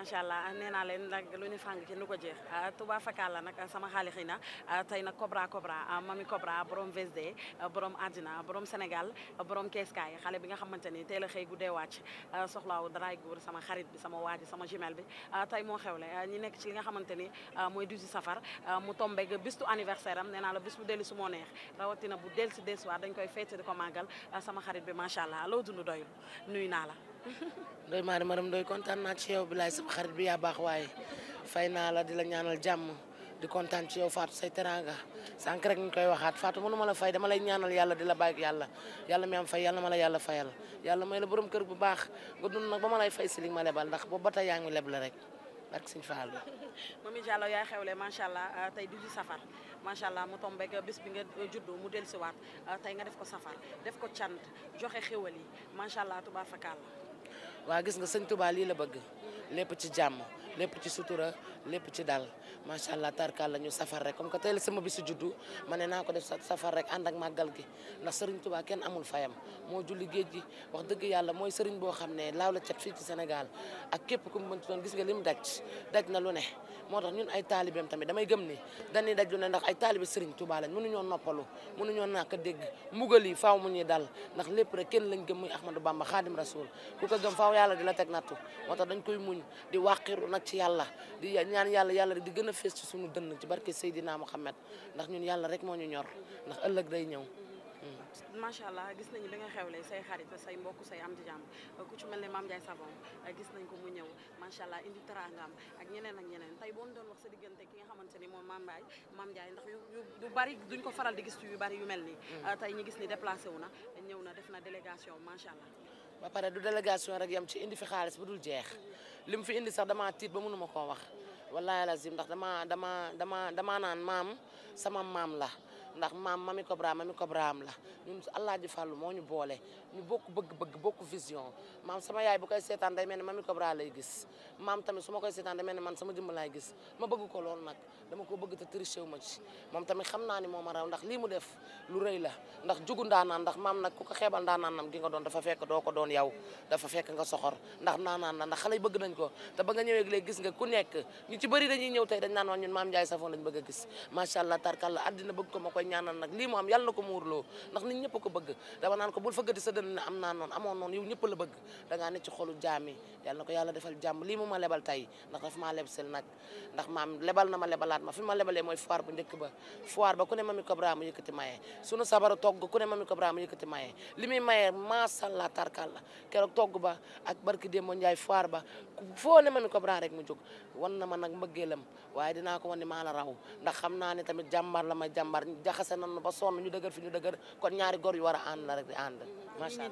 macha allah nee naa leen nag lu ñu fàng ci nu ko jeex ah, Touba Fakal la nag sama xaali xëy na ah, tey nag Cobra Cobra ah, mami Cobra borom VSD borom àddina borom Sénégal borom keeskaay xale bi nga xamante ni teel a xëy guddee wàcc soxlaaw daraay góor sama xarit bi sama waaji sama jumelle bi tey moo xewle ñi nekk ci li nga xamante ni mooy du si safar mu tombeg bistu anniversaire am nee naa la bis bu dellu su moo neex rawatina bu del si dellusiwaat dañ koy fête ko màggal sama xarit bi macha allah loo dund doyul nuyu naa la doy maa maram doy kontaan naa ci yow bilaay sama xarit bi yaa baax waaye fay naa la di la ñaanal jàmm di kontaan ci yow Fatou say teraanga sank rek ñu koy waxaat Fatou mënu ma la fay dama lay ñaanal yàlla di la bàyyi yàlla yàlla mi am fay yàlla ma la yàlla fayal yàlla may la borom kër bu baax nga dund nag ba ma lay fay si li ma lebal ndax boobu ba tey yaa ngi leb la rek barke Sëñ Fallu Mami Diallo yaay xewle macha allah ah, tey du macha allah mu tombeeg bés bi nga euh, juddu mu dellusiwaat ah, tey nga def ko safar def ko cant joxe xéwal yi macha allah tubaab fakkaal la waa gis nga sëñ Touba lii la bëgg lépp ci jàmm lépp ci sutura lépp ci dal macha allah tarkal la ñu safar rek comme que tey la sama bisu juddu ma ne naa ko def safar rek ànd ak màggal gi ndax Serigne Touba kenn amul fayam moo julli géej gi wax dëgg yàlla mooy Serigne boo xam ne laaw la cat fii ci Sénégal ak képp ku mu mënti doon gis nga lim daj daj na lu ne moo tax ñun ay taalibeem tamit damay gëm ni dañuy daj lu ne ndax ay taalibe Serigne Touba lañ mënuñoo noppalu mënuñoo nàkk dégg mbugal yi faaw mu ñuy dal ndax lépp rek kenn lañ gëm muy Ahmadou Bamba Khadim Rasoul ku ko gëm faaw yàlla di la teg nattu moo tax gëm di wàqiru nag ci yàlla di ñaan yàlla yàlla di gën a fees ci suñu dënn ci barke Seydina Muhammad ndax ñun yàlla rek moo ñu ñor ndax ëllëg day ñëw hmm. macha allah gis nañu bi nga xewlee say xarit say mbokk say am di jàmm ku ci mel ne Mame Ndiaye Savon gis nañ ko mu ñëw macha allah indi teraangaam ak ñeneen ak ñeneen tey boo doon wax sa diggante ki nga xamante ni moom Mame Ndiaye ndax yu yu bari duñ ko faral di gis ci yu bari yu mel nii. Hmm. Ah, tey ñu gis ni déplacé wu na ñëw na def na délégation macha allah. ba pare du délégation rek yam ci indi fi xaalis bu dul jeex. li mu fi indi sax damaa tiit ba mënuma koo wax wallaahi lazim ndax dama dama dama dama naan maam sama maam la ndax maam mami Cobra mami Cobra la ñun Alaaji Fàllu moo ñu boole ñu bokk bëgg-bëgg bokk vision maam sama yaay bu koy seetaan day mel mami Cobra lay gis maam ma koy seetaan day mel ma bëgg ko lool nag ko bëgg te ma ci moom tamit xam naa ni ndax lii mu la ndax jugu ndaanaan ndax maam ku ko xeebal ndaanaanam gi nga doon dafa fekk doo ko doon yow dafa fekk nga soxor ndax naanaan la ndax xale yi bëgg nañ ko te ba nga ñëwee léegi gis nga ku nekk ñu ci bëri dañuy ñëw tey dañ naan woon maam Ndiaye Savon lañ bëgg a gis macha allah tarkal la àddina bëgg ko ma ko koy ñaanal nag lii mu am yàlla na ko muurloo ndax nit ñëpp ko bëgg dama naan ko bul fëggati sa dënn ne am naa noonu amoon noonu yow ñëpp la bëgg da ngaa ne na ma lebal ma lebalaat ma fi ma lebalee mooy foire bu njëkk ba foire ba ku ne mami Cobra mu yëkkati maye sunu sabara togg ku ne mami Cobra mu yëkkati maye ba ak barki démb Njaay foire ba foo ne mami na ko wan ni maa la raw ndax xam naa ne tamit jàmbar la ma jàmbar jaxase nañu ba sonn ñu dëgër fi ñu ñaari góor yu war a la rek di ànd. macha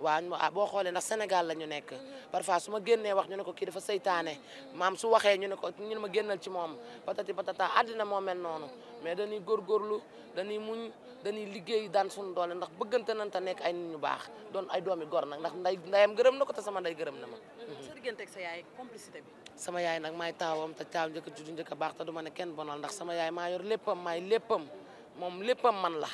waaw ah boo xoolee ndax Sénégal la ñu nekk parfois su ma génnee wax ñu ne ko kii dafa seytaane maam su waxee ñu ne ko ñu ne ma génnal ci moom patati patata àddina moo mel noonu mais dañuy góorgóorlu dañuy muñ dañuy liggéey daan suñu doole ndax bëggante nañ ta nekk ay nit ñu baax doon ay doomi gor nag ndax nday ndayam gërëm na ko te sama nday gërëm na ma mm-hmm. sa diggante yaay complicité sama yaay nag maay taawam te taaw njëkk a juddu njëkk a baax te du ma ne kenn bonal ndax sama yaay maa yor léppam maay léppam moom léppam man la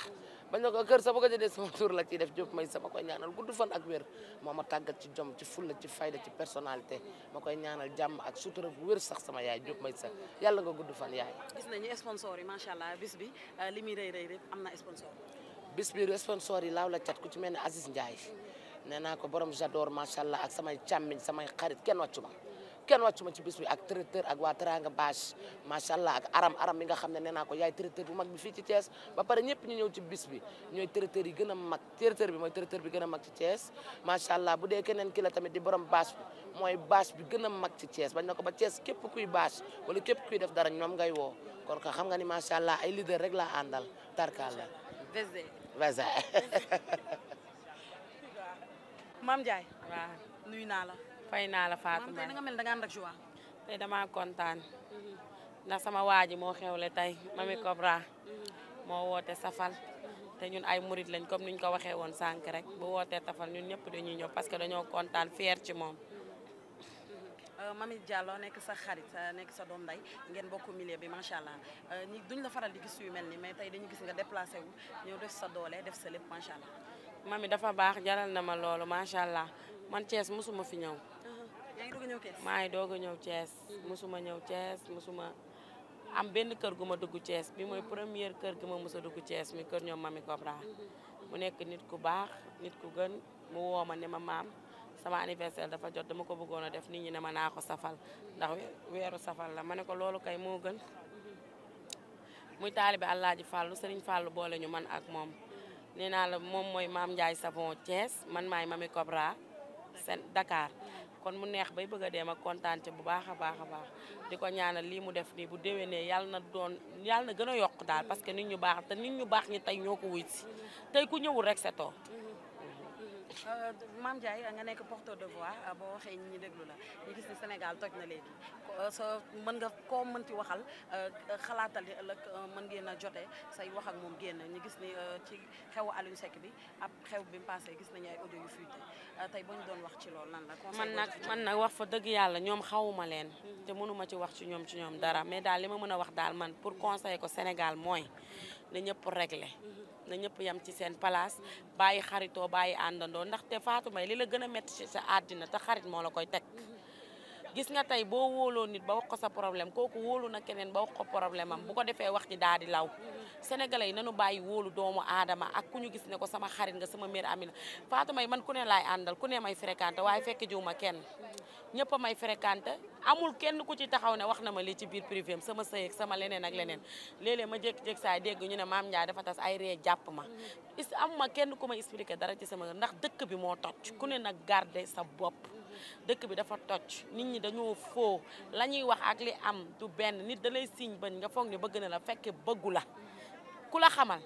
bañ na ko kër sa bu ko jëlee sama tur la ciy def Diop may sa ma koy ñaanal gudd fan ak wér moo ma tàggat ci jom ci fulla ci fayda ci personnalité ma koy ñaanal jàmm ak sutura bu wér sax sama yaay Diop may sa yàlla nga gudd fan yaay. gis nañu sponsor yi macha allah bis bi euh, li muy rëy rëy am na sponsor. bis bi sponsor yi laaw la cat ku ci mel ne Aziz Ndiaye nee naa ko borom j'adore macha allah ak samay càmmiñ samay xarit kenn wàccu ma kenn wàccuma ci bis bi ak traiteur ak waa Teranga Bache macha allah ak aram aram mi nga xam ne nee naa ko yaay traiteur bu mag bi fii ci Thiès ba pare ñëpp ñu ñëw ci bis bi ñooy traiteur yi gën a mag traiteur bi mooy traiteur bi gën a mag ci Thiès macha allah bu dee keneen ki la tamit di borom bâche bi mooy bâche bi gën a mag ci Thiès bañ na ko ba Thiès képp kuy bâche wala képp kuy def dara ñoom ngay woo kon ka xam nga ni macha allah ay leader rek laa àndal tarkaal la vas Mame Ndiaye waaw nuyu naa la fay naa la faat Mbaye man tey nga mel kontaan. ndax sama waa ji moo xewle tey Mamy mhm. Cobra. Mhm. moo woote safal. te ñun ay murit lañ comme niñ ko waxee woon sànq rek bu wootee tafal ñun ñëpp dañuy ñëw parce que dañoo kontaan fier ci moom. Mhm. Euh, Mamy Diallo nekk sa xarit euh, nekk sa doom nday ngeen bokk milieu bi macha allah ñi euh, duñ la faral di gis yu mel ni mais tey dañu gis nga déplacé ñoo def sa doole def sa lépp macha allah. Mamy dafa baax jaral na ma loolu macha allah man Thiès mosuma fi ñëw. maa ngi doog a ñëw cees mosuma ñëw cees mosuma am benn kër gu ma dugg cees bi mooy ah. première kër gi ma mos a dugg Thiès mi kër ñoom mami Cobra mm-hmm. mu nekk nit ku baax nit ku gën mu woo ma ne ma maam sama anniversaire dafa jot dama ko bëggoon a def nit ñi ne ma naa ko safal ndax weeru safal la ma ne ko loolu kay moo gën mm-hmm. muy taalibe Alaaji Fàllu Sëriñ Fàllu boole ñu man ak moom nee naa la moom mooy maam Ndiaye savon cees man maay mami Cobra seen dakaar kon mu neex bay bëgg a dem ak kontaan bu baax a baax a baax di ko ñaanal lii mu def nii bu déwénee yàlla na doon yàlla na gën a yokk daal parce que nit ñu baax te nit ñu baax ñi tey ñoo ko wuy si tey ku ñëwul rek setoo Euh, Mame Ndiaye nga nekk porteur de voix ah, boo waxee ñi déglu la ñu gis ni Sénégal toj na léegi euh, sa mën nga koo mënti waxal euh, xalaatal ni ëllëg mën ngeen a jote say wax ak moom génn ñu gis ni ci xew Aliou Seck bi ab xew bi mu passé gis nañu ay audio yu fuité tey ba ñu doon wax ci loolu lan la man nag man nag wax fa dëgg yàlla ñoom xawuma leen te mënuma ci wax ci ñoom ci dara mais daal li ma mën a wax daal man pour conseiller ko Sénégal mooy na ñëpp réglé na ñëpp yam ci seen place bàyyi xaritoo bàyyi àndandoo ndax te Mbaye li la gën a métti ci sa àddina te xarit moo la koy teg gis nga tey boo wóoloo nit ba wax ko sa problème kooku wóolu na keneen ba wax problème am bu ko defee wax ji daal di law sénégalais yi nanu bàyyi wóolu doomu aadama ak ku ñu gis ne ko sama xarit nga sama mère Amina Fatou may man ku laay àndal ku ne may fréquenté waaye fekk jiw ma kenn ñëpp may fréquenté amul kenn ku ci taxaw ne wax na ma lii ci biir privé sama sëy sama leneen ak leneen léeg ma jékki saa dégg ñu ne maam Ndiaye dafa tas ay ree jàpp ma is am ma kenn ku ma expliqué dara ci sama ndax dëkk bi moo toj ku ne nag garder sa bopp dëkk bi dafa toj nit ñi dañoo foo la ñuy wax ak li am du benn nit dalay lay siñ bañ nga foog ne bëgg na la fekke bëggu la ku la xamal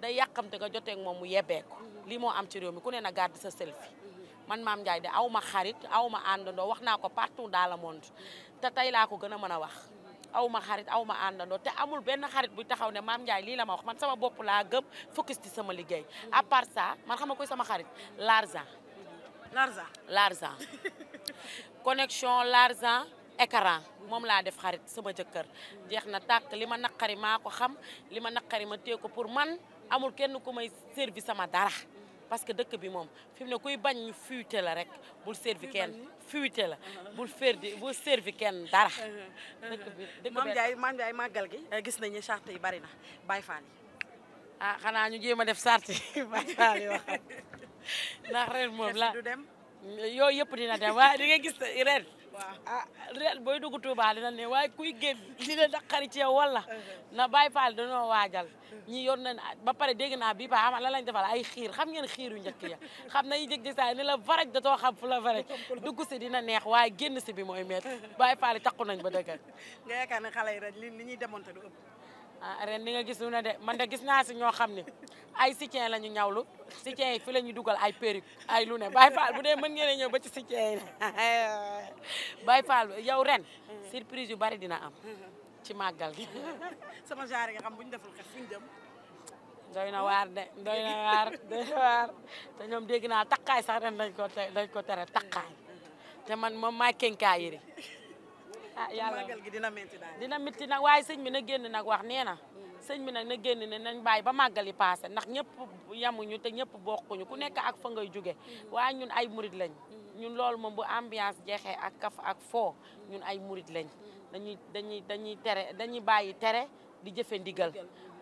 day yàqamte nga joteeg moom mu yebbeeku lii moo am ci réew mi ku ne na garde sa selfie man maam Ndiaye de aw ma xarit aw ma àndandoo wax naa ko partout dans le monde te tey laa ko gën a mën a wax aw ma xarit aw ma àndandoo te amul benn xarit buy taxaw ne maam Ndiaye lii la ma wax man sama bopp laa gëm focus ci sama liggéey à part ça koy sama xarit l'argent l'argent l'argent connexion l'argent écran moom laa def xarit sama jëkkër jeex na tàkk li ma naqari maa ko xam li ma naqari ma téye ko pour man amul kenn ku may service sama dara parce que dëkk bi moom fi mu ne kuy bañ ñu fuité la rek bul servi kenn fuité la bul ferdi bul servi kenn dara uh-huh. dëkk bi uh-huh. dëkk bi Mame Ndiaye Mame Ndiaye màggal gi eh, gis nañu charte yi bari na Baye Fall yi ah xanaa ñu jéem a def sarti baal yoo xam ndax ren moom la yooyu yëpp dina dem waaye di nga gis ren. ah booy dugg Touba na ne waaye kuy génn li la naqari ci yow wala uh-huh. na Baay Faal dañoo waajal ñi yor nañ ba pare dégg naa bi ba ama la lañ defal ay xiir xam ngeen xiiru njëkk ya xam nañu jég di saa ne la varaj datoo xam fu la varaj dugg si dina neex waaye génn si bi mooy métti Baay Faal yi takku nañ ba dëggal nga yaakaar ne xale yi ren li ñuy démonté ah ren ni nga gis lu de man de gis naa si ñoo xam ne ay soutien la ñu ñawlu soutien yi fi la ñuy dugal ay perruque ay lu ne Baye Fall bu dee mën ngeen a ñëw ba ci soutien yi Baye Fall yow ren surprise yu bari dina am ci màggal gi. sama genre nga xam bu ñu def xel fu ñu doy na waar de doy na waar te ñoom dégg naa takkaay sax ren dañ ko dañ ko tere takkaay te man moom maa kenkaay yëre ah yàlla màggal gi dina métti daal dina métti nag waaye sëñ bi na génn nag wax nee na sëñ bi nag na génn ne nañ bàyyi ba màggal yi ndax ñëpp yamuñu te ñëpp bokkuñu ku nekk ak fa ngay jóge waaye ñun ay murit lañ ñun loolu moom bu ambiance jeexee ak kaf ak foo ñun ay murit lañ dañuy dañuy dañuy tere dañuy bàyyi tere di jëfe ndigal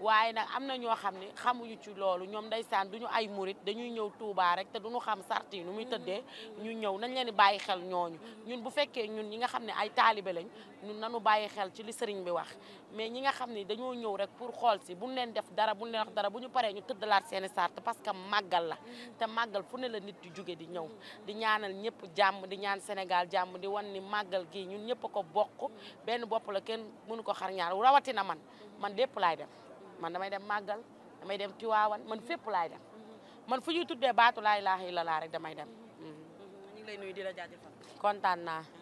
waaye nag am na ñoo xam ne xamuñu ci loolu ñoom ndeysaan duñu ay murit dañuy ñëw tuubaa rek te duñu xam sart yi nu muy tëddee ñu ñëw nañ leen di bàyyi xel ñooñu ñun bu fekkee ñun ñi nga xam ne ay taalibe lañ ñun nañu bàyyi xel ci li sëriñ bi wax mais ñi nga xam ne dañoo ñëw rek pour xool si buñ leen def dara bu leen wax dara bu ñu paree ñu tëddalaat seeni sart parce que màggal la te màggal fu ne la nit di jóge di ñëw di ñaanal ñëpp jàmm di ñaan Sénégal jàmm di wan ni màggal gii ñun ñëpp ko bokk benn bopp la kenn mënu ko xar ñaar rawatina man man lépp laay dem man damay dem màggal damay dem Tiwaawan man fépp laay dem man fu ñuy tuddee baatu laa ilaaha illallaah rek damay dem. Mhm. Mhm. Mhm. ñu lay nuyu di la kontaan naa.